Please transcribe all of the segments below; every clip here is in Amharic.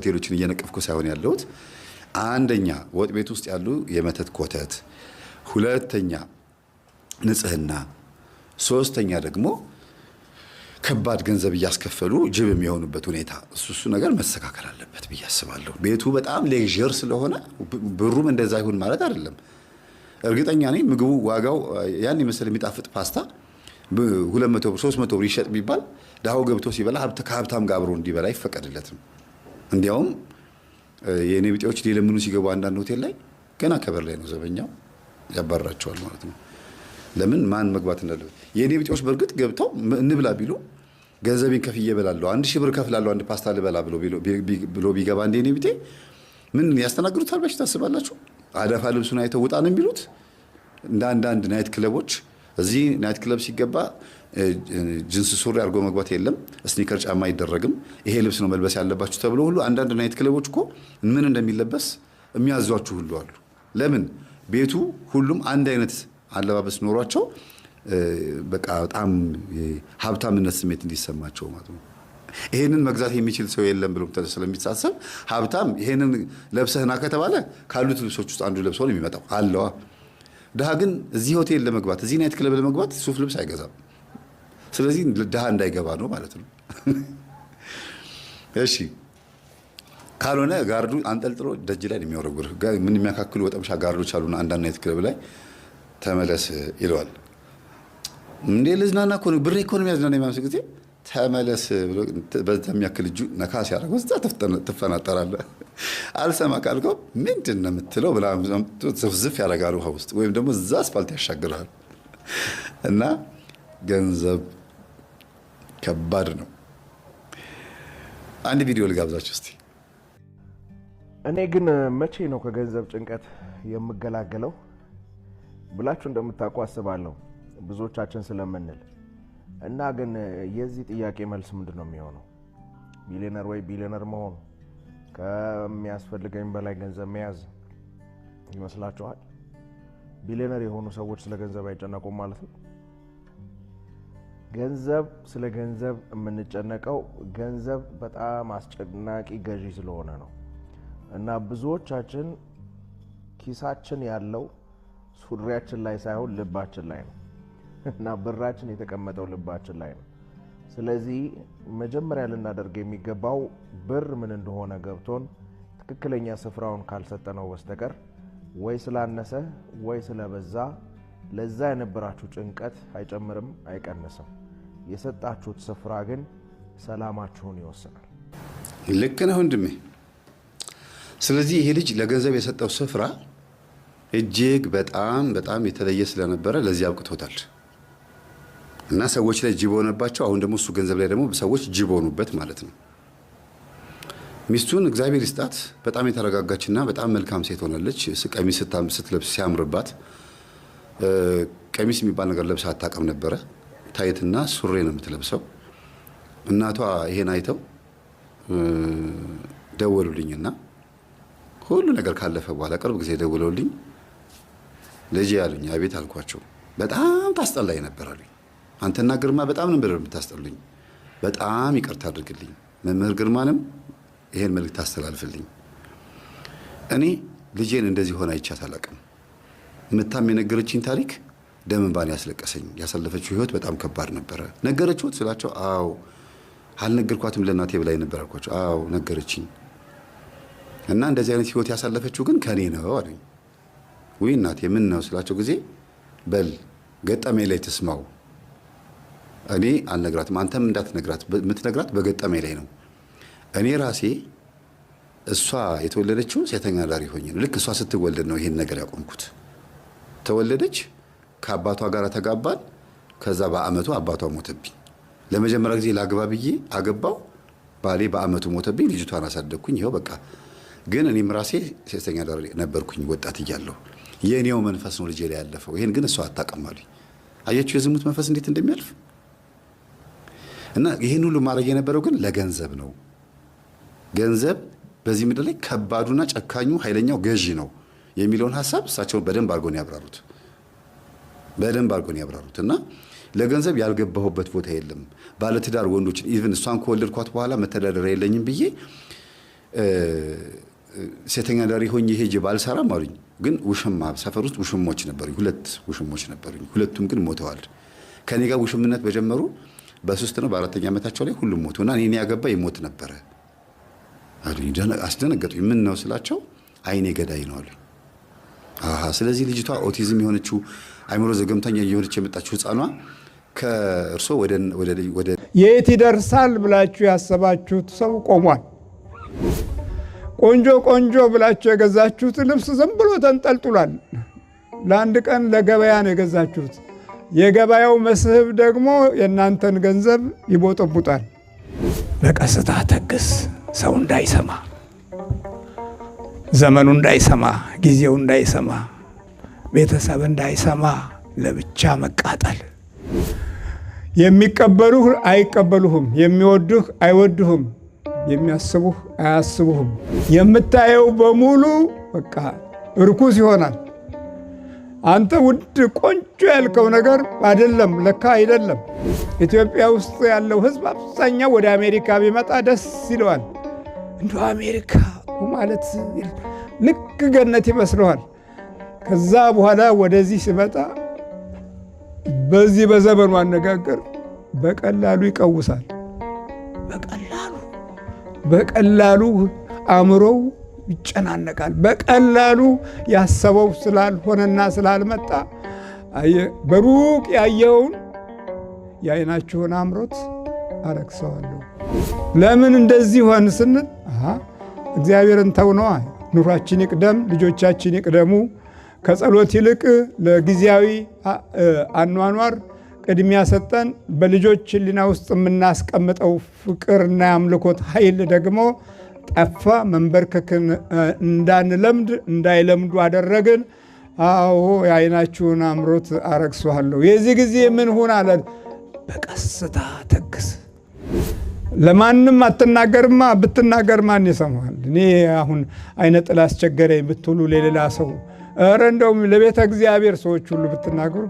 ሆቴሎችን እየነቀፍኩ ሳይሆን ያለሁት አንደኛ ወጥ ቤት ውስጥ ያሉ የመተት ኮተት፣ ሁለተኛ ንጽህና፣ ሶስተኛ ደግሞ ከባድ ገንዘብ እያስከፈሉ ጅብ የሚሆኑበት ሁኔታ እሱ እሱ ነገር መስተካከል አለበት ብዬ አስባለሁ። ቤቱ በጣም ሌዥር ስለሆነ ብሩም እንደዛ ይሁን ማለት አይደለም። እርግጠኛ ነኝ ምግቡ ዋጋው ያን የመሰለ የሚጣፍጥ ፓስታ ሁለት መቶ ብር ሶስት ብር ይሸጥ ቢባል ዳሁ ገብቶ ሲበላ ከሀብታም ጋር አብሮ እንዲበላ ይፈቀድለትም። እንዲያውም የእኔ ብጤዎች ሊለምኑ ሲገቡ አንዳንድ ሆቴል ላይ ገና ከበር ላይ ነው ዘበኛው ያባራቸዋል ማለት ነው። ለምን ማን መግባት እንዳለበት የእኔ ብጤዎች በእርግጥ ገብተው እንብላ ቢሉ ገንዘቤን ከፍዬ እበላለሁ፣ አንድ ሺህ ብር ከፍላለ አንድ ፓስታ ልበላ ብሎ ቢገባ እንደ እኔ ቢጤ ምን ያስተናግዱታል ብላችሁ ታስባላችሁ? አደፋ ልብሱን አይተው ውጣ ነው የሚሉት። እንደ አንዳንድ ናይት ክለቦች እዚህ ናይት ክለብ ሲገባ ጅንስ ሱሪ አድርጎ መግባት የለም፣ ስኒከር ጫማ አይደረግም፣ ይሄ ልብስ ነው መልበስ ያለባችሁ ተብሎ ሁሉ አንዳንድ ናይት ክለቦች እኮ ምን እንደሚለበስ የሚያዟችሁ ሁሉ አሉ። ለምን ቤቱ ሁሉም አንድ አይነት አለባበስ ኖሯቸው በቃ በጣም ሀብታምነት ስሜት እንዲሰማቸው ማለት ነው። ይሄንን መግዛት የሚችል ሰው የለም ብሎ ስለሚሳሰብ ሀብታም ይሄንን ለብሰህና ከተባለ ካሉት ልብሶች ውስጥ አንዱ ለብሶ ነው የሚመጣው አለዋ። ድሃ ግን እዚህ ሆቴል ለመግባት እዚህ ናይት ክለብ ለመግባት ሱፍ ልብስ አይገዛም። ስለዚህ ድሃ እንዳይገባ ነው ማለት ነው። እሺ ካልሆነ ጋርዱ አንጠልጥሎ ደጅ ላይ የሚወረጉር ምን የሚያካክሉ ወጠምሻ ጋርዶች አሉና አንዳንድ አይነት ክለብ ላይ ተመለስ ይለዋል። እንዴ ልዝናና እኮ ብሬ እኮ የሚያዝናና የሚያምስ ጊዜ ተመለስ ብሎ በዛ የሚያክል እጁ ነካ ሲያደርገው እዛ ትፈናጠራለ። አልሰማ ካልከው ምንድን ነው የምትለው ብላ ዝፍዝፍ ያደርጋል ውሃ ውስጥ ወይም ደግሞ እዛ አስፋልት ያሻግራል እና ገንዘብ ከባድ ነው። አንድ ቪዲዮ ልጋብዛችሁ እስቲ። እኔ ግን መቼ ነው ከገንዘብ ጭንቀት የምገላገለው ብላችሁ እንደምታውቁ አስባለሁ ብዙዎቻችን ስለምንል እና ግን የዚህ ጥያቄ መልስ ምንድን ነው የሚሆነው? ቢሊዮነር ወይ ቢሊዮነር መሆን ከሚያስፈልገኝ በላይ ገንዘብ መያዝ ይመስላችኋል? ቢሊዮነር የሆኑ ሰዎች ስለ ገንዘብ አይጨነቁም ማለት ነው። ገንዘብ ስለ ገንዘብ የምንጨነቀው ገንዘብ በጣም አስጨናቂ ገዢ ስለሆነ ነው እና ብዙዎቻችን ኪሳችን ያለው ሱሪያችን ላይ ሳይሆን ልባችን ላይ ነው እና ብራችን የተቀመጠው ልባችን ላይ ነው። ስለዚህ መጀመሪያ ልናደርግ የሚገባው ብር ምን እንደሆነ ገብቶን ትክክለኛ ስፍራውን ካልሰጠነው በስተቀር ወይ ስላነሰ ወይ ስለበዛ ለዛ የነበራችሁ ጭንቀት አይጨምርም አይቀንስም። የሰጣችሁት ስፍራ ግን ሰላማችሁን ይወስናል። ልክ ነህ ወንድሜ። ስለዚህ ይሄ ልጅ ለገንዘብ የሰጠው ስፍራ እጅግ በጣም በጣም የተለየ ስለነበረ ለዚህ አብቅቶታል እና ሰዎች ላይ ጅብ ሆነባቸው። አሁን ደግሞ እሱ ገንዘብ ላይ ደግሞ ሰዎች ጅብ ሆኑበት ማለት ነው። ሚስቱን እግዚአብሔር ይስጣት። በጣም የተረጋጋችና በጣም መልካም ሴት ሆናለች። ቀሚስ ስትለብስ ሲያምርባት፣ ቀሚስ የሚባል ነገር ለብሳ አታውቅም ነበረ። ታይትና ሱሬ ነው የምትለብሰው። እናቷ ይሄን አይተው ደወሉልኝና ሁሉ ነገር ካለፈ በኋላ ቅርብ ጊዜ ደውለውልኝ ልጅ ያሉኝ፣ አቤት አልኳቸው። በጣም ታስጠላኝ ነበር አሉኝ። አንተና ግርማ በጣም ነበር የምታስጠሉኝ። በጣም ይቅርታ አድርግልኝ። መምህር ግርማንም ይሄን መልክ ታስተላልፍልኝ። እኔ ልጄን እንደዚህ ሆነ አይቻት አላቅም። የምታም የነገረችኝ ታሪክ ደምንባን ያስለቀሰኝ። ያሳለፈችው ህይወት በጣም ከባድ ነበረ። ነገረችሁት ስላቸው አዎ። አልነገርኳትም ለእናቴ ብላኝ ነበር አልኳቸው። አዎ ነገረችኝ። እና እንደዚህ አይነት ህይወት ያሳለፈችው ግን ከኔ ነው አለኝ። ውይ እናቴ ምን ነው ስላቸው ጊዜ በል ገጠሜ ላይ ትስማው፣ እኔ አልነግራትም፣ አንተም እንዳትነግራት። የምትነግራት በገጠሜ ላይ ነው። እኔ ራሴ እሷ የተወለደችው ሴተኛ አዳሪ ሆኜ ነው። ልክ እሷ ስትወለድ ነው ይሄን ነገር ያቆምኩት። ተወለደች ከአባቷ ጋር ተጋባል። ከዛ በአመቱ አባቷ ሞተብኝ። ለመጀመሪያ ጊዜ ላግባ ብዬ አገባው። ባሌ በአመቱ ሞተብኝ። ልጅቷን አሳደግኩኝ። ይኸው በቃ ግን እኔም ራሴ ሴተኛ ዳር ነበርኩኝ ወጣት እያለሁ። የእኔው መንፈስ ነው ልጄ ላይ ያለፈው። ይህን ግን እሷ አታውቅም አሉኝ። አያችሁ የዝሙት መንፈስ እንዴት እንደሚያልፍ እና ይህን ሁሉ ማድረግ የነበረው ግን ለገንዘብ ነው። ገንዘብ በዚህ ምድር ላይ ከባዱና ጨካኙ ኃይለኛው ገዢ ነው የሚለውን ሀሳብ እሳቸውን በደንብ አድርገው ነው ያብራሩት። በደንብ አድርጎ ነው ያብራሩት እና ለገንዘብ ያልገባሁበት ቦታ የለም። ባለትዳር ወንዶች ኢቭን እሷን ከወለድኳት በኋላ መተዳደሪያ የለኝም ብዬ ሴተኛ ዳሪ ሆኜ ሄጄ ባልሰራም አሉኝ። ግን ውሽማ ሰፈር ውስጥ ውሽሞች ነበሩኝ፣ ሁለት ውሽሞች ነበሩኝ። ሁለቱም ግን ሞተዋል። ከኔ ጋር ውሽምነት በጀመሩ በሶስት ነው በአራተኛ ዓመታቸው ላይ ሁሉም ሞቱ እና እኔን ያገባ ይሞት ነበረ አሉኝ። አስደነገጡኝ። ምን ነው ስላቸው አይኔ ገዳይ ነው አሉኝ። ስለዚህ ልጅቷ ኦቲዝም የሆነችው አይምሮ ዘገምተኛ እየሆነች የመጣችው ህፃኗ ከእርሶ ወደ የት ይደርሳል ብላችሁ ያሰባችሁት ሰው ቆሟል። ቆንጆ ቆንጆ ብላችሁ የገዛችሁት ልብስ ዝም ብሎ ተንጠልጥሏል። ለአንድ ቀን ለገበያ ነው የገዛችሁት። የገበያው መስህብ ደግሞ የእናንተን ገንዘብ ይቦጠቡጣል። በቀስታ ተግስ፣ ሰው እንዳይሰማ፣ ዘመኑ እንዳይሰማ፣ ጊዜው እንዳይሰማ ቤተሰብ እንዳይሰማ ለብቻ መቃጠል፣ የሚቀበሉህ አይቀበሉህም፣ የሚወዱህ አይወዱህም፣ የሚያስቡህ አያስቡህም። የምታየው በሙሉ በቃ እርኩስ ይሆናል። አንተ ውድ ቆንጆ ያልከው ነገር አይደለም፣ ለካ አይደለም። ኢትዮጵያ ውስጥ ያለው ሕዝብ አብዛኛው ወደ አሜሪካ ቢመጣ ደስ ይለዋል። እንደ አሜሪካ ማለት ልክ ገነት ይመስለዋል። ከዛ በኋላ ወደዚህ ስመጣ በዚህ በዘመኑ አነጋገር በቀላሉ ይቀውሳል። በቀላሉ በቀላሉ አእምሮው ይጨናነቃል። በቀላሉ ያሰበው ስላልሆነና ስላልመጣ በሩቅ ያየውን የአይናችሁን አምሮት አረክሰዋለሁ። ለምን እንደዚህ ሆን ስንል እግዚአብሔርን ተውነዋ። ኑሯችን ይቅደም፣ ልጆቻችን ይቅደሙ ከጸሎት ይልቅ ለጊዜያዊ አኗኗር ቅድሚያ ሰጠን። በልጆች ሕሊና ውስጥ የምናስቀምጠው ፍቅርና የአምልኮት ኃይል ደግሞ ጠፋ። መንበርከክን እንዳንለምድ እንዳይለምዱ አደረግን። አዎ የአይናችሁን አምሮት አረግሷለሁ። የዚህ ጊዜ ምን ሁን አለ? በቀስታ ተግስ። ለማንም አትናገርማ። ብትናገር ማን ይሰማል? እኔ አሁን አይነ ጥላ አስቸገረኝ ብትሉ ለሌላ ሰው እረ እንደውም ለቤተ እግዚአብሔር ሰዎች ሁሉ ብትናገሩ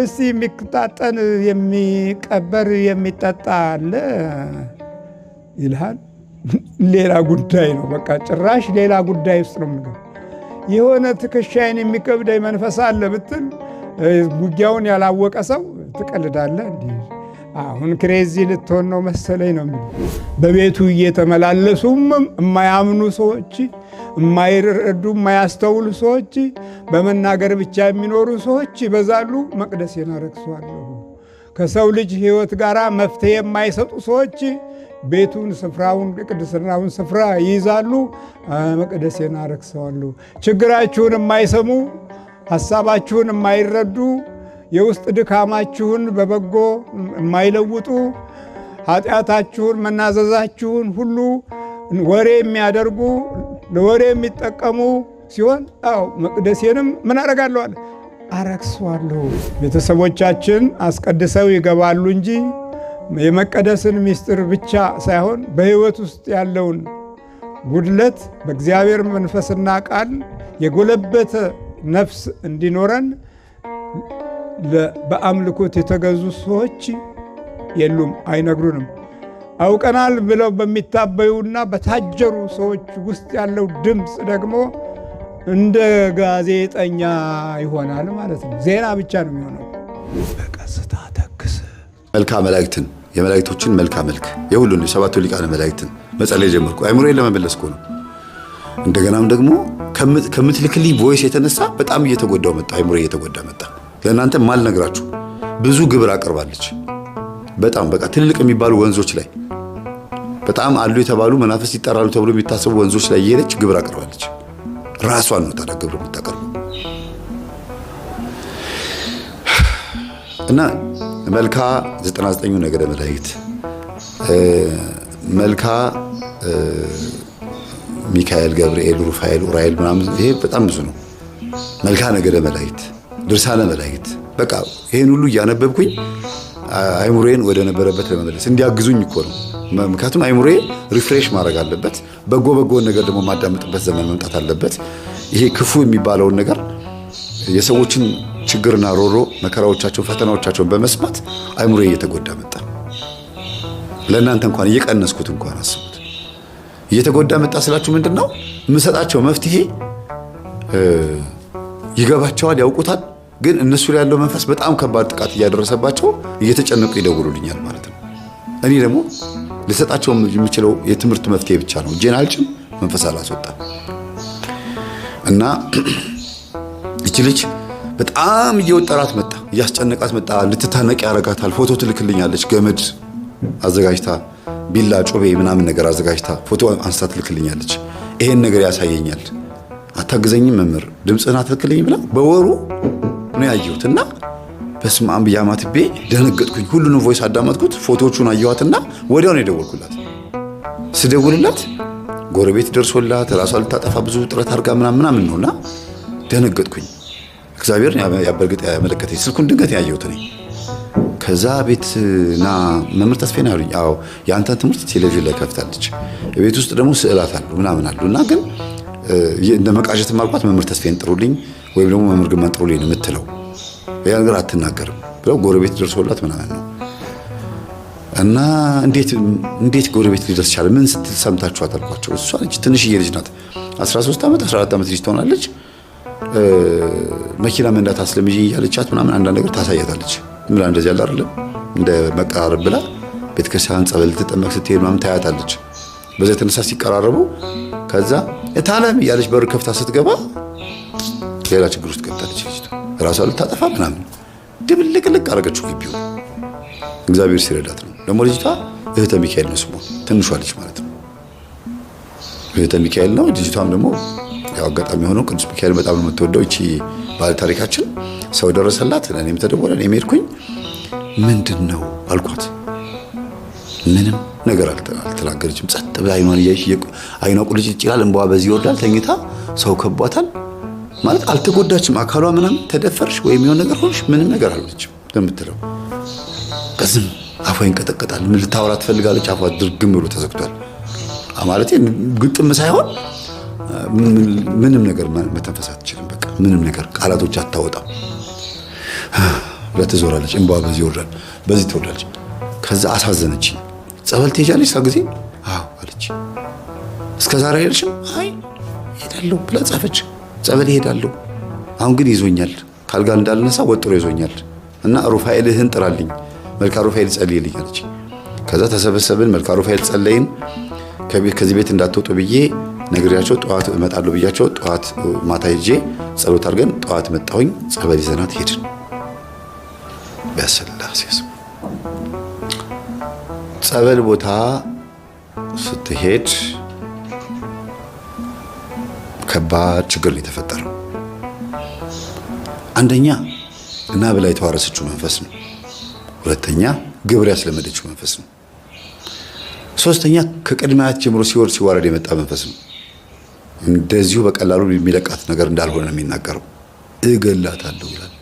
እስቲ የሚታጠን የሚቀበር የሚጠጣ አለ ይልሃል። ሌላ ጉዳይ ነው። በቃ ጭራሽ ሌላ ጉዳይ ውስጥ ነው የምገብ የሆነ ትከሻይን የሚከብደኝ መንፈስ አለ ብትል ውጊያውን ያላወቀ ሰው ትቀልዳለህ አሁን ክሬዚ ልትሆን ነው መሰለኝ ነው የሚሉ በቤቱ እየተመላለሱም የማያምኑ ሰዎች፣ የማይረዱ የማያስተውሉ ሰዎች፣ በመናገር ብቻ የሚኖሩ ሰዎች ይበዛሉ። መቅደሴን አረክሷለሁ። ከሰው ልጅ ሕይወት ጋር መፍትሄ የማይሰጡ ሰዎች ቤቱን ስፍራውን ቅድስናውን ስፍራ ይይዛሉ። መቅደሴን አረክሰዋለሁ። ችግራችሁን የማይሰሙ ሀሳባችሁን የማይረዱ የውስጥ ድካማችሁን በበጎ የማይለውጡ ኃጢአታችሁን፣ መናዘዛችሁን ሁሉ ወሬ የሚያደርጉ ለወሬ የሚጠቀሙ ሲሆን አዎ መቅደሴንም ምን አደርጋለሁ አለ አረክሷለሁ። ቤተሰቦቻችን አስቀድሰው ይገባሉ እንጂ የመቀደስን ምስጢር ብቻ ሳይሆን በሕይወት ውስጥ ያለውን ጉድለት በእግዚአብሔር መንፈስና ቃል የጎለበተ ነፍስ እንዲኖረን በአምልኮት የተገዙ ሰዎች የሉም፣ አይነግሩንም። አውቀናል ብለው በሚታበዩና በታጀሩ ሰዎች ውስጥ ያለው ድምፅ ደግሞ እንደ ጋዜጠኛ ይሆናል ማለት ነው። ዜና ብቻ ነው የሚሆነው። በቀስታ ተክስ መልካ መላእክትን የመላእክቶችን መልካ መልክ የሁሉን የሰባቱ ሊቃነ መላእክትን መጸለይ ጀመርኩ። አይምሮዬን ለመመለስ እኮ ነው። እንደገናም ደግሞ ከምትልክልኝ ቮይስ የተነሳ በጣም እየተጎዳው መጣ። አይምሮ እየተጎዳ መጣ። ለእናንተ ማልነግራችሁ ብዙ ግብር አቅርባለች። በጣም በቃ ትልልቅ የሚባሉ ወንዞች ላይ በጣም አሉ የተባሉ መናፍስት ይጠራሉ ተብሎ የሚታሰቡ ወንዞች ላይ እየሄደች ግብር አቅርባለች። ራሷን ነው ታዲያ ግብር የምታቀርበው። እና መልካ 99ኙ ነገደ መላእክት መልካ ሚካኤል፣ ገብርኤል፣ ሩፋኤል፣ ኡራኤል ምናምን ይሄ በጣም ብዙ ነው። መልካ ነገደ መላእክት ድርሳነ መላእክት በቃ ይሄን ሁሉ እያነበብኩኝ አይምሮዬን ወደ ነበረበት ለመመለስ እንዲያግዙኝ እኮ ነው። ምክንያቱም አይምሮዬ ሪፍሬሽ ማድረግ አለበት። በጎ በጎን ነገር ደግሞ ማዳመጥበት ዘመን መምጣት አለበት። ይሄ ክፉ የሚባለውን ነገር የሰዎችን ችግርና ሮሮ መከራዎቻቸውን፣ ፈተናዎቻቸውን በመስማት አይሙሬ እየተጎዳ መጣ። ለእናንተ እንኳን እየቀነስኩት እንኳን አስቡት። እየተጎዳ መጣ ስላችሁ ምንድን ነው የምሰጣቸው መፍትሄ ይገባቸዋል፣ ያውቁታል ግን እነሱ ላይ ያለው መንፈስ በጣም ከባድ ጥቃት እያደረሰባቸው እየተጨነቁ ይደውሉልኛል ማለት ነው። እኔ ደግሞ ልሰጣቸው የምችለው የትምህርት መፍትሄ ብቻ ነው። እጄን አልጭም፣ መንፈስ አላስወጣም እና ይች ልጅ በጣም እየወጠራት መጣ፣ እያስጨነቃት መጣ። ልትታነቅ ያረጋታል። ፎቶ ትልክልኛለች። ገመድ አዘጋጅታ ቢላ፣ ጩቤ ምናምን ነገር አዘጋጅታ ፎቶ አንስታ ትልክልኛለች። ይሄን ነገር ያሳየኛል። አታግዘኝም መምህር፣ ድምፅህን አትልክልኝ ብላ በወሩ ነው ያየሁት እና በስመ አብ ብዬ አማትቤ ደነገጥኩኝ። ሁሉንም ቮይስ አዳመጥኩት፣ ፎቶዎቹን አየኋትና ወዲያው ነው የደወልኩላት። ስደውልላት ጎረቤት ደርሶላት ራሷ ልታጠፋ ብዙ ጥረት አድርጋ ነው ነውና ደነገጥኩኝ። እግዚአብሔር ያበርግጥ ያመለከተኝ ስልኩን ድንገት ያየሁት ነኝ። ከዛ ቤት ና መምህር ተስፌ ነው ያሉኝ። አዎ የአንተን ትምህርት ቴሌቪዥን ላይ ከፍታለች፣ ቤት ውስጥ ደግሞ ስዕላት አሉ ምናምን አሉ እና ግን እንደ መቃዠት ማርኳት መምህር ተስፌን ጥሩልኝ ወይም ደግሞ መምህር ግን መጥሮ ነው የምትለው ያ ነገር አትናገርም ብለው ጎረቤት ደርሶላት ምናምን ነው እና እንዴት ጎረቤት ሊደርስ ቻለ? ምን ስትል ሰምታችኋት አልኳቸው። እሷ ልጅ ትንሽዬ ልጅ ናት፣ 13 ዓመት 14 ዓመት ልጅ ትሆናለች። መኪና መንዳት አስለምጂ እያለቻት ምናምን አንዳንድ ነገር ታሳያታለች። ምላ እንደዚህ ያለ አይደለም እንደ መቀራረብ ብላ ቤተክርስቲያን ጸበል ልትጠመቅ ስትሄድ ምናምን ታያታለች። በዛ የተነሳ ሲቀራረቡ ከዛ እታለም እያለች በር ከፍታ ስትገባ ሌላ ችግር ውስጥ ገብታለች ልጅቷ። ራሷ ልታጠፋ ምናምን ድብልቅልቅ አረገችው ግቢው። እግዚአብሔር ሲረዳት ነው። ደግሞ ልጅቷ እህተ ሚካኤል ነው ስሙ ትንሿ ልጅ ማለት ነው። እህተ ሚካኤል ነው። ልጅቷም ደግሞ ያው አጋጣሚ ሆኖ ቅዱስ ሚካኤል በጣም ነው የምትወደው። እቺ ባለ ታሪካችን ሰው ደረሰላት፣ እኔም ተደወለ፣ እኔም ሄድኩኝ። ምንድን ነው አልኳት። ምንም ነገር አልተናገረችም። ጸጥ ብላ አይኗን እያየች አይኗ ቁልጭ ይላል፣ እንበዋ በዚህ ይወርዳል። ተኝታ ሰው ከቧታል። ማለት አልተጎዳችም፣ አካሏ ምናምን ተደፈርሽ ወይም የሆነ ነገር ሆንሽ ምንም ነገር አልሆነችም እንደምትለው ከዝም አፏ ይንቀጠቀጣል። ምን ልታወራ ትፈልጋለች? አፏ ድርግም ብሎ ተዘግቷል። ማለት ግጥም ሳይሆን ምንም ነገር መተንፈስ አትችልም። በቃ ምንም ነገር ቃላቶች አታወጣም። ለትዞራለች፣ እንባ በዚህ ይወርዳል፣ በዚህ ትወርዳለች። ከዛ አሳዘነች። ጸበል ትሄጃለች ሳ ጊዜ አለች። እስከ ዛሬ ሄደሽም? አይ ሄዳለሁ ብላ ጻፈች። ጸበል ይሄዳለሁ። አሁን ግን ይዞኛል፣ ካልጋ እንዳልነሳ ወጥሮ ይዞኛል እና ሩፋኤልህን ጥራልኝ፣ መልካ ሩፋኤል ጸልይልኝ አለች። ከዛ ተሰበሰብን፣ መልካ ሩፋኤል ጸለይን። ከዚህ ቤት እንዳትወጡ ብዬ ነግሬያቸው ጠዋት እመጣለሁ ብያቸው ጠዋት ማታ ሄጄ ጸሎት አድርገን ጠዋት መጣሁኝ። ጸበል ይዘናት ሄድን። በስላሴ ጸበል ቦታ ስትሄድ ከባድ ችግር ነው የተፈጠረው። አንደኛ እና ብላ የተዋረሰችው መንፈስ ነው። ሁለተኛ ግብር ያስለመደችው መንፈስ ነው። ሶስተኛ ከቅድመ አያት ጀምሮ ሲወርድ ሲዋረድ የመጣ መንፈስ ነው። እንደዚሁ በቀላሉ የሚለቃት ነገር እንዳልሆነ ነው የሚናገረው። እገላታለሁ ይላል።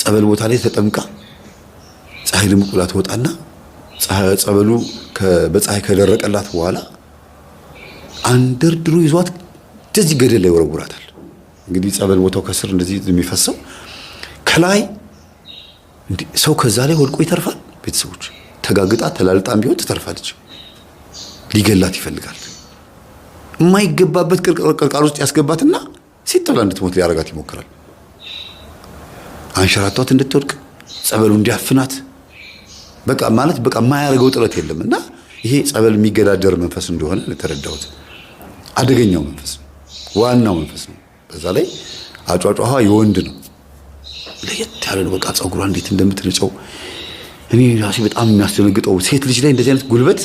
ጸበል ቦታ ላይ ተጠምቃ ፀሐይ ድምቅ ብላ ትወጣና ጸበሉ በፀሐይ ከደረቀላት በኋላ አንደርድሩ ይዟት እንደዚህ ገደል ላይ ወረውራታል። እንግዲህ ጸበል ቦታው ከስር እንደዚህ የሚፈሰው ከላይ ሰው ከዛ ላይ ወድቆ ይተርፋል። ቤተሰቦች ተጋግጣ ተላልጣም ቢሆን ትተርፋለች። ሊገላት ይፈልጋል። የማይገባበት ቅርቃር ውስጥ ያስገባትና ሲጠላ እንድትሞት ሊያረጋት ይሞክራል። አንሸራቷት እንድትወድቅ ጸበሉ እንዲያፍናት በቃ ማለት በቃ የማያደርገው ጥረት የለም እና ይሄ ጸበል የሚገዳደር መንፈስ እንደሆነ ለተረዳሁት አደገኛው መንፈስ ዋናው መንፈስ ነው። በዛ ላይ አጫጫኋ የወንድ ነው። ለየት ያለ ነው። በቃ ጸጉሯ እንዴት እንደምትነጨው እኔ ራሴ በጣም የሚያስደነግጠው ሴት ልጅ ላይ እንደዚህ አይነት ጉልበት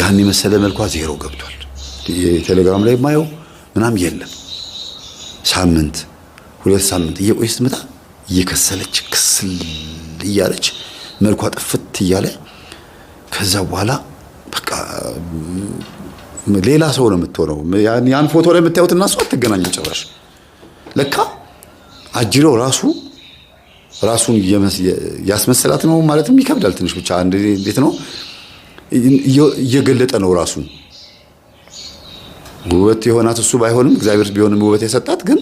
ያን የመሰለ መልኳ ዜሮ ገብቷል። የቴሌግራም ላይ ማየው ምናምን የለም። ሳምንት ሁለት ሳምንት እየቆየች ስትመጣ እየከሰለች ክስል እያለች መልኳ ጥፍት እያለ ከዛ በኋላ በቃ ሌላ ሰው ነው የምትሆነው። ያን ፎቶ ላይ የምታዩት እና እሱ አትገናኙም ጭራሽ። ለካ አጅሬው ራሱ ራሱን ያስመሰላት ነው ማለትም ይከብዳል ትንሽ። ብቻ እንዴት ነው እየገለጠ ነው ራሱን። ውበት የሆናት እሱ ባይሆንም እግዚአብሔር ቢሆንም ውበት የሰጣት ግን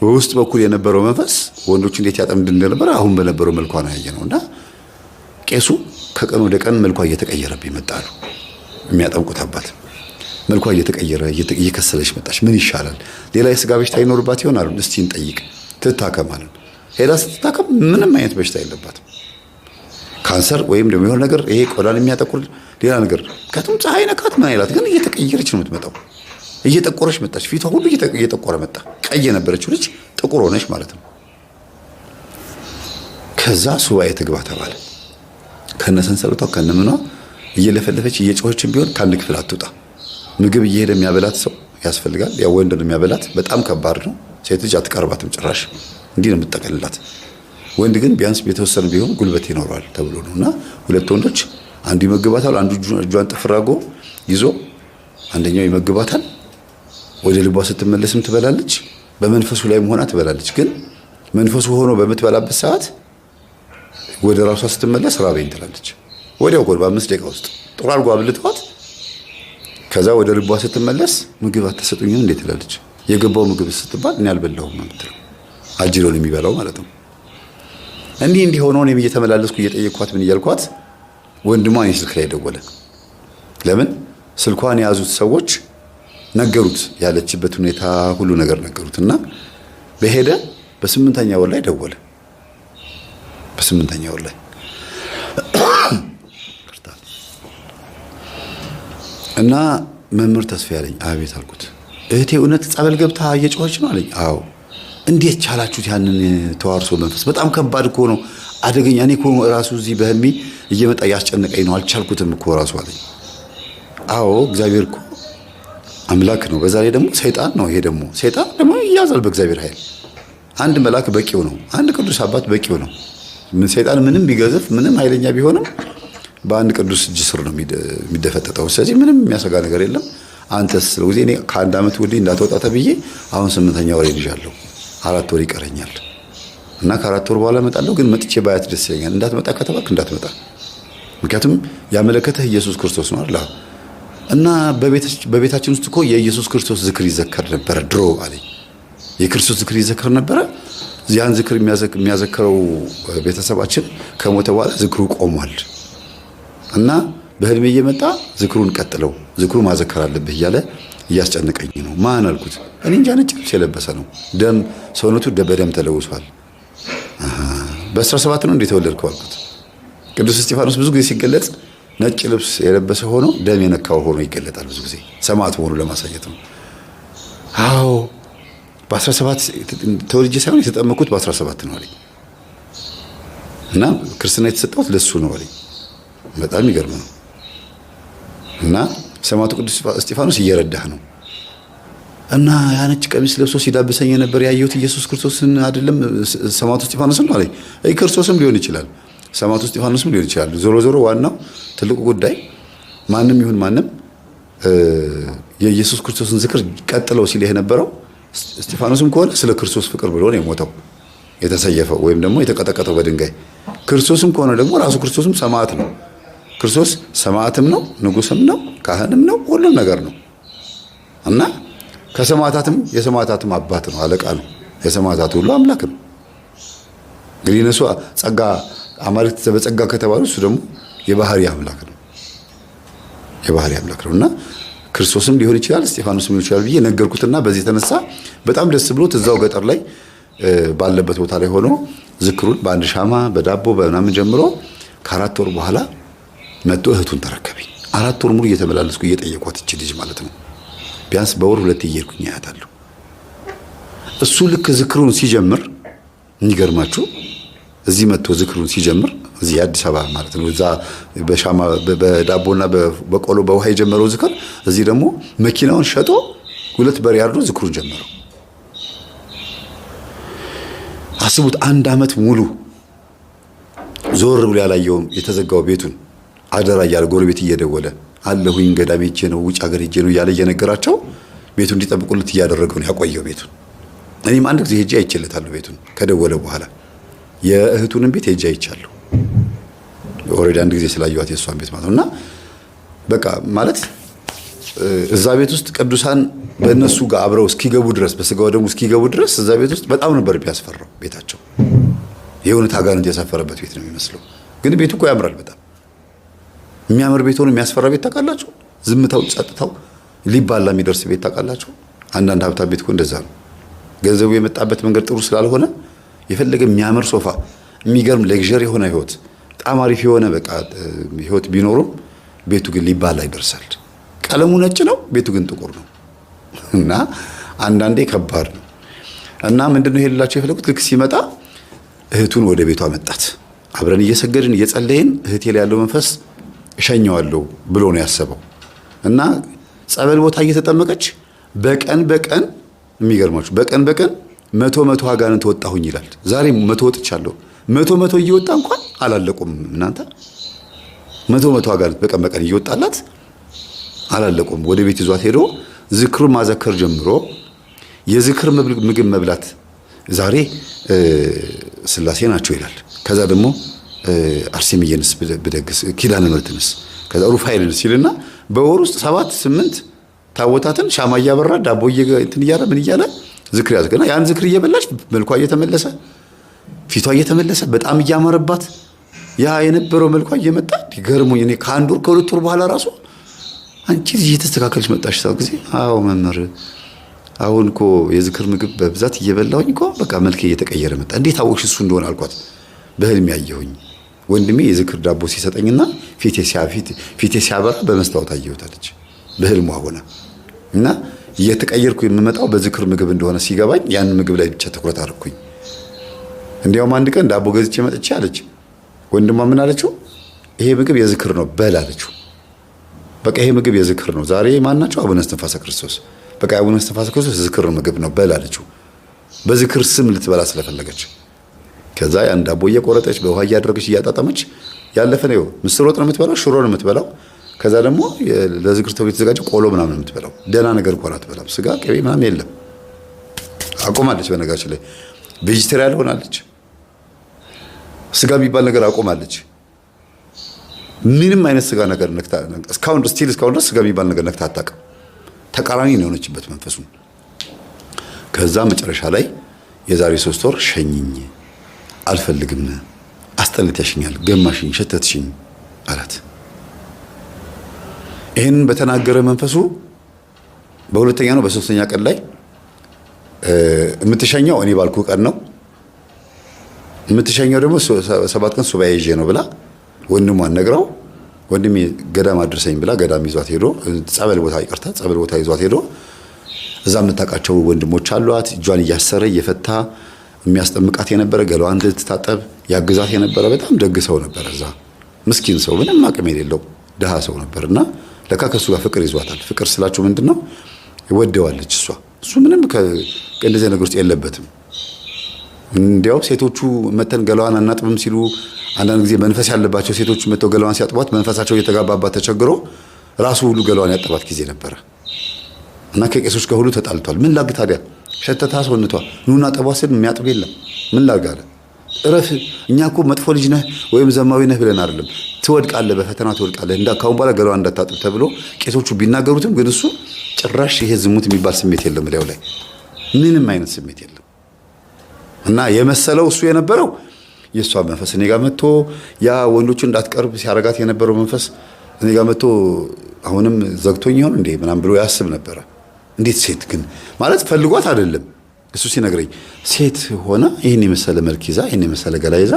በውስጥ በኩል የነበረው መንፈስ ወንዶች እንዴት ያጠምድ እንደነበረ አሁን በነበረው መልኳ ነው ያየ ነው እና ቄሱ ከቀን ወደ ቀን መልኳ እየተቀየረብ ይመጣሉ። የሚያጠምቁት አባት መልኳ እየተቀየረ እየከሰለች መጣች። ምን ይሻላል? ሌላ የስጋ በሽታ ይኖርባት ይሆናል? እስቲ እንጠይቅ። ትታከማለን። ሄዳ ስትታከም ምንም አይነት በሽታ የለባትም። ካንሰር ወይም ደግሞ የሆነ ነገር ይሄ ቆዳን የሚያጠቁር ሌላ ነገር ከቱም ፀሐይ ነካት ምን አይላት፣ ግን እየተቀየረች ነው የምትመጣው። እየጠቆረች መጣች። ፊቷ ሁሉ እየጠቆረ መጣ። ቀይ የነበረችው ልጅ ጥቁር ሆነች ማለት ነው። ከዛ ሱባኤ ትግባ ተባለ። ከነ ሰንሰለቷ ከነ ምኗ እየለፈለፈች እየጮኸችም ቢሆን ከአንድ ክፍል አትውጣ። ምግብ እየሄደ የሚያበላት ሰው ያስፈልጋል። ያ ወንድ ነው የሚያበላት፣ በጣም ከባድ ነው። ሴት ልጅ አትቀርባትም ጭራሽ። እንዲህ ነው የምጠቀልላት። ወንድ ግን ቢያንስ የተወሰነ ቢሆን ጉልበት ይኖረዋል ተብሎ ነው እና ሁለት ወንዶች አንዱ ይመግባታል፣ አንዱ እጇን ጥፍራጎ ይዞ አንደኛው ይመግባታል። ወደ ልቧ ስትመለስም ትበላለች። በመንፈሱ ላይም ሆና ትበላለች። ግን መንፈሱ ሆኖ በምትበላበት ሰዓት ወደ ራሷ ስትመለስ ራበኝ ትላለች። ወዲያው ጎድ በአምስት ደቂቃ ውስጥ ጥሩ አድርጎ አብልተዋት ከዛ ወደ ልቧ ስትመለስ ምግብ አትሰጡኝም እንዴት ትላለች። የገባው ምግብ ስትባል እኔ አልበላሁም ነው የምትለው። የሚበላው ማለት ነው። እንዲህ እንዲህ ሆኖ እኔም እየተመላለስኩ እየጠየቅኳት ምን እያልኳት ወንድሟ እኔ ስልክ ላይ ደወለ። ለምን ስልኳን የያዙት ሰዎች ነገሩት፣ ያለችበት ሁኔታ ሁሉ ነገር ነገሩት እና በሄደ በስምንተኛ ወር ላይ ደወለ። በስምንተኛ ወር ላይ እና መምህር ተስፋ ያለኝ አቤት አልኩት። እህቴ እውነት ጸበል ገብታ እየጮኸች ነው አለኝ። አዎ። እንዴት ቻላችሁት ያንን ተዋርሶ መንፈስ? በጣም ከባድ እኮ ነው፣ አደገኛ። እኔ እኮ ራሱ እዚህ በህልሜ እየመጣ እያስጨነቀኝ ነው፣ አልቻልኩትም እኮ ራሱ አለኝ። አዎ እግዚአብሔር እኮ አምላክ ነው። በዛ ላይ ደግሞ ሰይጣን ነው። ይሄ ደግሞ ሰይጣን ደግሞ ይያዛል በእግዚአብሔር ኃይል። አንድ መልአክ በቂው ነው። አንድ ቅዱስ አባት በቂው ነው። ምን ሰይጣን ምንም ቢገዝፍ ምንም ኃይለኛ ቢሆንም በአንድ ቅዱስ እጅ ስር ነው የሚደፈጠጠው። ስለዚህ ምንም የሚያሰጋ ነገር የለም። አንተስ ጊዜ እኔ ከአንድ ዓመት ወዲህ እንዳትወጣ ተብዬ አሁን ስምንተኛ ወር ይዣለሁ። አራት ወር ይቀረኛል እና ከአራት ወር በኋላ እመጣለሁ። ግን መጥቼ ባያት ደስ ይለኛል። እንዳትመጣ ከተባልክ እንዳትመጣ። ምክንያቱም ያመለከተህ ኢየሱስ ክርስቶስ ነው አለ እና በቤታችን ውስጥ እኮ የኢየሱስ ክርስቶስ ዝክር ይዘከር ነበረ ድሮ አለኝ። የክርስቶስ ዝክር ይዘከር ነበረ። ያን ዝክር የሚያዘክረው ቤተሰባችን ከሞተ በኋላ ዝክሩ ቆሟል። እና በህልም እየመጣ ዝክሩን ቀጥለው ዝክሩ ማዘከር አለብህ እያለ እያስጨንቀኝ ነው። ማን አልኩት። እኔ እንጃ ነጭ ልብስ የለበሰ ነው። ደም ሰውነቱ በደም ተለውሷል። በአስራ ሰባት ነው እንዴ ተወለድከው አልኩት። ቅዱስ እስጢፋኖስ ብዙ ጊዜ ሲገለጽ ነጭ ልብስ የለበሰ ሆኖ ደም የነካው ሆኖ ይገለጣል። ብዙ ጊዜ ሰማዕት መሆኑ ለማሳየት ነው። አዎ በ17 ተወልጄ ሳይሆን የተጠመኩት በ17 ነው አለኝ እና ክርስትና የተሰጠሁት ለሱ ነው አለኝ። በጣም ይገርም ነው። እና ሰማዕቱ ቅዱስ እስጢፋኖስ እየረዳህ ነው እና ያነች ቀሚስ ለብሶ ሲዳብሰኝ የነበር ያየሁት ኢየሱስ ክርስቶስን አይደለም ሰማዕቱ እስጢፋኖስን ነው አለኝ። አይ ክርስቶስም ሊሆን ይችላል፣ ሰማዕቱ እስጢፋኖስም ሊሆን ይችላል። ዞሮ ዞሮ ዋናው ትልቁ ጉዳይ ማንም ይሁን ማንም የኢየሱስ ክርስቶስን ዝክር ቀጥለው ሲል የነበረው እስጢፋኖስም ከሆነ ስለ ክርስቶስ ፍቅር ብሎ ነው የሞተው የተሰየፈው ወይም ደግሞ የተቀጠቀጠው በድንጋይ። ክርስቶስም ከሆነ ደግሞ ራሱ ክርስቶስም ሰማዕት ነው። ክርስቶስ ሰማዕትም ነው፣ ንጉስም ነው፣ ካህንም ነው፣ ሁሉም ነገር ነው እና ከሰማዕታትም የሰማዕታትም አባት ነው፣ አለቃ ነው። የሰማዕታት ሁሉ አምላክ ነው። እንግዲህ እነሱ ጸጋ አማልክት በጸጋ ከተባሉ እሱ ደግሞ የባህሪ አምላክ ነው። የባህሪ አምላክ ነው እና ክርስቶስም ሊሆን ይችላል እስጢፋኖስም ሊሆን ይችላል ብዬ ነገርኩትና በዚህ የተነሳ በጣም ደስ ብሎት እዛው ገጠር ላይ ባለበት ቦታ ላይ ሆኖ ዝክሩን በአንድ ሻማ በዳቦ በምናምን ጀምሮ ከአራት ወር በኋላ መጥቶ እህቱን ተረከበኝ። አራት ወር ሙሉ እየተመላለስኩ እየጠየኳት እች ልጅ ማለት ነው ቢያንስ በወር ሁለት እየሄድኩኝ አያታለሁ። እሱ ልክ ዝክሩን ሲጀምር የሚገርማችሁ እዚህ መጥቶ ዝክሩን ሲጀምር እዚህ አዲስ አበባ ማለት ነው። እዛ በሻማ በዳቦና በቆሎ በውሃ የጀመረው ዝክር እዚህ ደግሞ መኪናውን ሸጦ ሁለት በሬ አርዶ ዝክሩን ጀመረው። አስቡት፣ አንድ አመት ሙሉ ዞር ብሎ ያላየውም የተዘጋው ቤቱን አደራ እያለ ጎረቤት እየደወለ አለሁኝ ገዳም ሄጄ ነው ውጭ ሀገር ሄጄ ነው እያለ እየነገራቸው ቤቱ እንዲጠብቁለት እያደረገው ነው ያቆየው ቤቱን። እኔም አንድ ጊዜ ሄጄ አይቼለታለሁ ቤቱን ከደወለ በኋላ የእህቱንም ቤት ሄጄ አይቻለሁ። ኦልሬዲ አንድ ጊዜ ስላየኋት የእሷን ቤት ማለት ነው። እና በቃ ማለት እዛ ቤት ውስጥ ቅዱሳን በእነሱ ጋር አብረው እስኪገቡ ድረስ በስጋ ወደሙ እስኪገቡ ድረስ እዛ ቤት ውስጥ በጣም ነበር ያስፈራው ቤታቸው። የእውነት አጋንንት የሰፈረበት ቤት ነው የሚመስለው። ግን ቤቱ እኮ ያምራል በጣም የሚያምር ቤት ሆኖ የሚያስፈራ ቤት ታውቃላችሁ። ዝምታው፣ ጸጥታው ሊባላ የሚደርስ ቤት ታውቃላችሁ። አንዳንድ ሀብታም ቤት እኮ እንደዛ ነው። ገንዘቡ የመጣበት መንገድ ጥሩ ስላልሆነ የፈለገ የሚያምር ሶፋ፣ የሚገርም ለግር የሆነ ህይወት፣ በጣም አሪፍ የሆነ በቃ ህይወት ቢኖሩም ቤቱ ግን ሊባላ ይደርሳል። ቀለሙ ነጭ ነው፣ ቤቱ ግን ጥቁር ነው እና አንዳንዴ ከባድ ነው እና ምንድነው ይሄ የፈለጉት ልክ ሲመጣ እህቱን ወደ ቤቷ መጣት። አብረን እየሰገድን እየጸለይን እህቴ ላይ ያለው መንፈስ እሸኘዋለሁ ብሎ ነው ያሰበው እና ጸበል ቦታ እየተጠመቀች በቀን በቀን የሚገርማችሁ በቀን በቀን መቶ መቶ አጋንንት ወጣሁኝ ይላል። ዛሬ መቶ ወጥቻለሁ። መቶ መቶ እየወጣ እንኳን አላለቁም። እናንተ መቶ መቶ አጋንንት በቀን በቀን እየወጣላት አላለቁም። ወደ ቤት ይዟት ሄዶ ዝክሩ ማዘከር ጀምሮ የዝክር ምግብ መብላት ዛሬ ስላሴ ናቸው ይላል። ከዛ ደግሞ አርሴምዬንስ ብደግስ ኪዳነ ምሕረትንስ ከዛ ሩፋኤልንስ ሲልና በወር ውስጥ ሰባት ስምንት ታቦታትን ሻማ እያበራ ዳቦ እንትን እያለ ምን እያለ ዝክር ያዝገና ያን ዝክር እየበላች መልኳ እየተመለሰ ፊቷ እየተመለሰ በጣም እያማረባት ያ የነበረው መልኳ እየመጣ ገርሞኝ እኔ ከአንድ ወር ከሁለት ወር በኋላ ራሱ አንቺ እየተስተካከለች መጣሽ ሳው ጊዜ አዎ መምህር አሁን እኮ የዝክር ምግብ በብዛት እየበላሁኝ እኮ በቃ መልክ እየተቀየረ መጣ። እንዴት አወቅሽ እሱ እንደሆነ አልኳት። በህልም ያየሁኝ ወንድሜ የዝክር ዳቦ ሲሰጠኝና ፊቴ ሲያበራ በመስታወት አየሁታለች በህልሟ ሆነ እና እየተቀየርኩ የምመጣው በዝክር ምግብ እንደሆነ ሲገባኝ ያን ምግብ ላይ ብቻ ትኩረት አድርኩኝ። እንዲያውም አንድ ቀን ዳቦ ገዝቼ መጥቼ አለች ወንድሟ ምን አለችው? ይሄ ምግብ የዝክር ነው በል አለችው። በቃ ይሄ ምግብ የዝክር ነው። ዛሬ ማናቸው አቡነ እስትንፋሰ ክርስቶስ በቃ አቡነ እስትንፋሰ ክርስቶስ ዝክር ምግብ ነው በል አለችው። በዝክር ስም ልትበላ ስለፈለገች ከዛ ያን ዳቦ እየቆረጠች በውሃ እያደረገች እያጣጠመች ያለፈ ነው። ምስር ወጥ ነው የምትበላው፣ ሽሮ ነው የምትበላው። ከዛ ደግሞ ለዝግጅት ተብሎ የተዘጋጀ ቆሎ ምናምን ነው የምትበላው። ደህና ነገር እንኳን አትበላም። ስጋ ቅቤ ምናምን የለም። አቆማለች። በነገራችን ላይ ቬጅቴሪያን ሆናለች። ስጋ የሚባል ነገር አቆማለች። ምንም አይነት ስጋ ነገር ነክታ እስካሁን ስቲል እስካሁን ድረስ ስጋ የሚባል ነገር ነክታ አታውቅም። ተቃራኒ ነው የሆነችበት መንፈሱ። ከዛ መጨረሻ ላይ የዛሬ ሶስት ወር ሸኝኝ አልፈልግም፣ አስጠነት ያሽኛል፣ ገማሽኝ፣ ሸተትሽኝ አላት። ይህንን በተናገረ መንፈሱ በሁለተኛ ነው በሶስተኛ ቀን ላይ የምትሸኘው እኔ ባልኩ ቀን ነው የምትሸኘው ደግሞ ሰባት ቀን ሱባኤ ይዤ ነው ብላ ወንድሟን ነግረው ወንድሜ ገዳም አድርሰኝ ብላ ገዳም ይዟት ሄዶ ጸበል ቦታ ይቅርታ፣ ጸበል ቦታ ይዟት ሄዶ እዛ የምታውቃቸው ወንድሞች አሏት። እጇን እያሰረ እየፈታ የሚያስጠምቃት የነበረ ገላዋን እንድትታጠብ ያግዛት የነበረ በጣም ደግ ሰው ነበር። እዛ ምስኪን ሰው ምንም አቅም የሌለው ድሃ ሰው ነበር እና ለካ ከእሱ ጋር ፍቅር ይዟታል። ፍቅር ስላችሁ ምንድን ነው እሷ እሱ ምንም ከእንደዚህ ነገር ውስጥ የለበትም። እንዲያው ሴቶቹ መተን ገለዋን አናጥብም ሲሉ አንዳንድ ጊዜ መንፈስ ያለባቸው ሴቶች መተው ገላዋን ሲያጥቧት መንፈሳቸው እየተጋባባት ተቸግሮ ራሱ ሁሉ ገለዋን ያጠባት ጊዜ ነበረ እና ከቄሶች ጋር ሁሉ ተጣልቷል። ምን ላግ ታዲያ ሸተታ ሰውነቷ። ኑና ጠቧ ስል የሚያጥብ የለም። ምን ላርጋለ? እረፍ። እኛ እኮ መጥፎ ልጅ ነህ ወይም ዘማዊ ነህ ብለን አይደለም። ትወድቃለህ፣ በፈተና ትወድቃለህ። እንዳ ካሁን በኋላ ገለዋ እንዳታጥብ ተብሎ ቄሶቹ ቢናገሩትም ግን እሱ ጭራሽ ይሄ ዝሙት የሚባል ስሜት የለም ሊያው ላይ ምንም አይነት ስሜት የለም። እና የመሰለው እሱ የነበረው የእሷ መንፈስ እኔ ጋር መጥቶ ያ ወንዶቹ እንዳትቀርብ ሲያረጋት የነበረው መንፈስ እኔ ጋር መጥቶ አሁንም ዘግቶኝ ይሆን እንዴ ምናም ብሎ ያስብ ነበረ። እንዴት ሴት ግን ማለት ፈልጓት አይደለም እሱ ሲነግረኝ ሴት ሆነ ይህን የመሰለ መልክ ይዛ ይህን የመሰለ ገላ ይዛ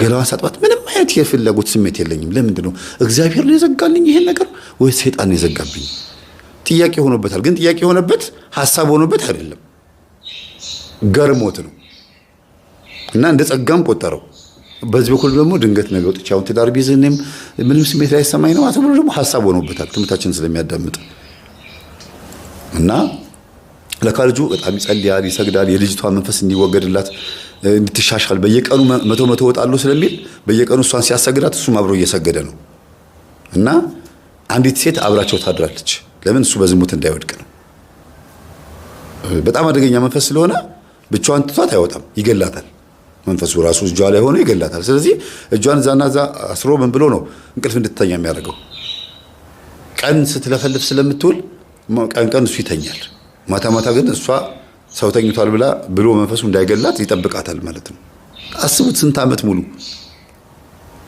ገላዋን ሳጥባት ምንም አይነት የፍላጎት ስሜት የለኝም። ለምንድን ነው እግዚአብሔር ነው የዘጋልኝ ይህን ነገር ወይ ሰይጣን የዘጋብኝ? ጥያቄ ሆኖበታል። ግን ጥያቄ የሆነበት ሀሳብ ሆኖበት አይደለም፣ ገርሞት ነው እና እንደ ጸጋም ቆጠረው። በዚህ በኩል ደግሞ ድንገት ነገሮች አሁን ትዳር ቢዝንም ምንም ስሜት ላይ ሰማኝ ነው አቶ ብሎ ደግሞ ሀሳብ ሆኖበታል። ትምህርታችን ስለሚያዳምጥ እና ለካ ልጁ በጣም ይጸልያል፣ ይሰግዳል። የልጅቷ መንፈስ እንዲወገድላት እንድትሻሻል በየቀኑ መቶ መቶ እወጣለሁ ስለሚል በየቀኑ እሷን ሲያሰግዳት እሱም አብሮ እየሰገደ ነው እና አንዲት ሴት አብራቸው ታድራለች። ለምን እሱ በዝሙት እንዳይወድቅ ነው። በጣም አደገኛ መንፈስ ስለሆነ ብቻዋን ትቷት አይወጣም፣ ይገላታል። መንፈሱ ራሱ እጇ ላይ ሆኖ ይገላታል። ስለዚህ እጇን እዛና እዛ አስሮ ምን ብሎ ነው እንቅልፍ እንድትተኛ የሚያደርገው? ቀን ስትለፈልፍ ስለምትውል ቀን ቀን እሱ ይተኛል፣ ማታ ማታ ግን እሷ ሰው ተኝቷል ብላ ብሎ መንፈሱ እንዳይገላት ይጠብቃታል ማለት ነው። አስቡት ስንት ዓመት ሙሉ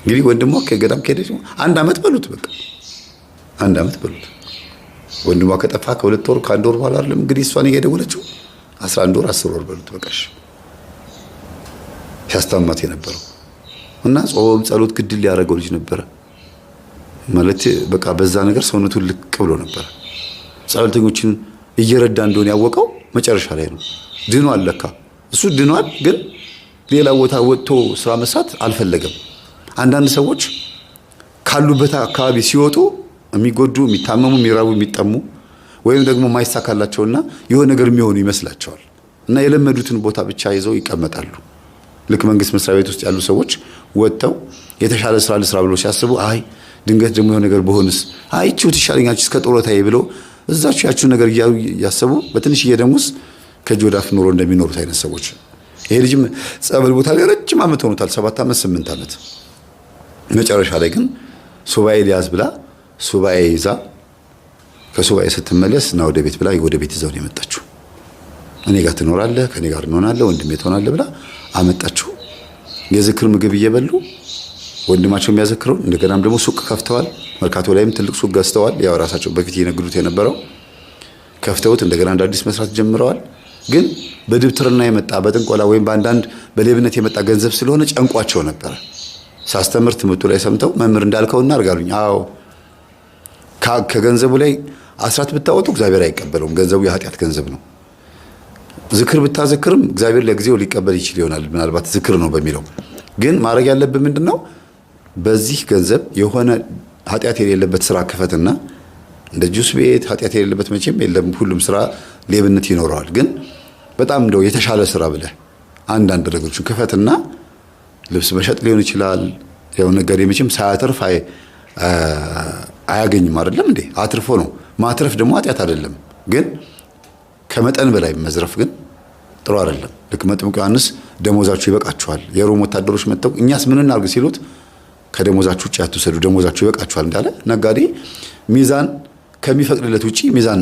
እንግዲህ ወንድሟ ከገዳም ከሄደ አንድ ዓመት በሉት፣ በቃ አንድ ዓመት በሉት። ወንድሟ ከጠፋ ከሁለት ወር ከአንድ ወር በኋላ አይደለም እንግዲህ እሷን የደወለችው አስራ አንድ ወር አስር ወር በሉት፣ በቃሽ ሲያስታማት የነበረው እና ጾም ጸሎት ግድል ያደረገው ልጅ ነበረ ማለት በቃ በዛ ነገር ሰውነቱን ልቅ ብሎ ነበረ። ጸበልተኞችን እየረዳ እንደሆነ ያወቀው መጨረሻ ላይ ነው። ድኗል፣ ለካ እሱ ድኗል። ግን ሌላ ቦታ ወጥቶ ስራ መስራት አልፈለገም። አንዳንድ ሰዎች ካሉበት አካባቢ ሲወጡ የሚጎዱ የሚታመሙ፣ የሚራቡ፣ የሚጠሙ ወይም ደግሞ ማይሳካላቸውና የሆነ ነገር የሚሆኑ ይመስላቸዋል እና የለመዱትን ቦታ ብቻ ይዘው ይቀመጣሉ። ልክ መንግስት መስሪያ ቤት ውስጥ ያሉ ሰዎች ወጥተው የተሻለ ስራ ልስራ ብሎ ሲያስቡ አይ ድንገት ደግሞ የሆነ ነገር በሆንስ አይቺው ትሻለኛች እስከ ጡረታዬ ብለው እዛችሁ ያችሁ ነገር እያሰቡ በትንሽ ደም ውስጥ ከጆዳፍ ኑሮ እንደሚኖሩት አይነት ሰዎች። ይሄ ልጅም ጸበል ቦታ ላይ ረጅም ዓመት ሆኖታል፣ ሰባት ዓመት ስምንት ዓመት። መጨረሻ ላይ ግን ሱባኤ ሊያዝ ብላ ሱባኤ ይዛ ከሱባኤ ስትመለስ እና ወደ ቤት ብላ ወደ ቤት ይዛው ነው የመጣችው። እኔ ጋር ትኖራለህ፣ ከኔ ጋር እንሆናለህ፣ ወንድሜ ትሆናለህ ብላ አመጣችው። የዝክር ምግብ እየበሉ ወንድማቸው የሚያዘክረው እንደገናም ደግሞ ሱቅ ከፍተዋል። መርካቶ ላይም ትልቅ ሱቅ ገዝተዋል። ያው ራሳቸው በፊት እየነግዱት የነበረው ከፍተውት እንደገና እንደ አዲስ መስራት ጀምረዋል። ግን በድብትርና የመጣ በጥንቆላ ወይም በአንዳንድ በሌብነት የመጣ ገንዘብ ስለሆነ ጨንቋቸው ነበረ። ሳስተምር ትምህርቱ ላይ ሰምተው መምህር እንዳልከውና አድርጋሉኝ። አዎ ከገንዘቡ ላይ አስራት ብታወጡ እግዚአብሔር አይቀበለውም። ገንዘቡ የኃጢአት ገንዘብ ነው። ዝክር ብታዘክርም እግዚአብሔር ለጊዜው ሊቀበል ይችል ይሆናል፣ ምናልባት ዝክር ነው በሚለው ግን ማድረግ ያለብን ምንድን ነው? በዚህ ገንዘብ የሆነ ኃጢአት የሌለበት ስራ ክፈትና እንደ ጁስ ቤት ኃጢአት የሌለበት መቼም የለም። ሁሉም ስራ ሌብነት ይኖረዋል። ግን በጣም እንደው የተሻለ ስራ ብለህ አንዳንድ ነገሮችን ክፈትና ልብስ መሸጥ ሊሆን ይችላል። ያው ነገር መቼም ሳያተርፍ አያገኝም አይደለም እንዴ? አትርፎ ነው። ማትረፍ ደግሞ ኃጢአት አይደለም። ግን ከመጠን በላይ መዝረፍ ግን ጥሩ አይደለም። ልክ መጥምቁ ዮሐንስ ደሞዛችሁ ይበቃችኋል፣ የሮም ወታደሮች መጥተው እኛስ ምን እናርግ ሲሉት ከደሞዛችሁ ውጭ አትውሰዱ፣ ደሞዛችሁ ይበቃችኋል እንዳለ ነጋዴ ሚዛን ከሚፈቅድለት ውጭ ሚዛን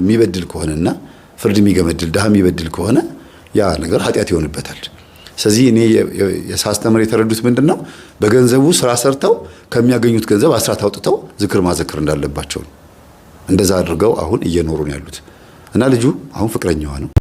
የሚበድል ከሆነና ፍርድ የሚገመድል ድሃ የሚበድል ከሆነ ያ ነገር ኃጢአት ይሆንበታል። ስለዚህ እኔ የሳስተምር የተረዱት ምንድን ነው? በገንዘቡ ስራ ሰርተው ከሚያገኙት ገንዘብ አስራት አውጥተው ዝክር ማዘክር እንዳለባቸው ነው። እንደዛ አድርገው አሁን እየኖሩ ነው ያሉት እና ልጁ አሁን ፍቅረኛዋ ነው።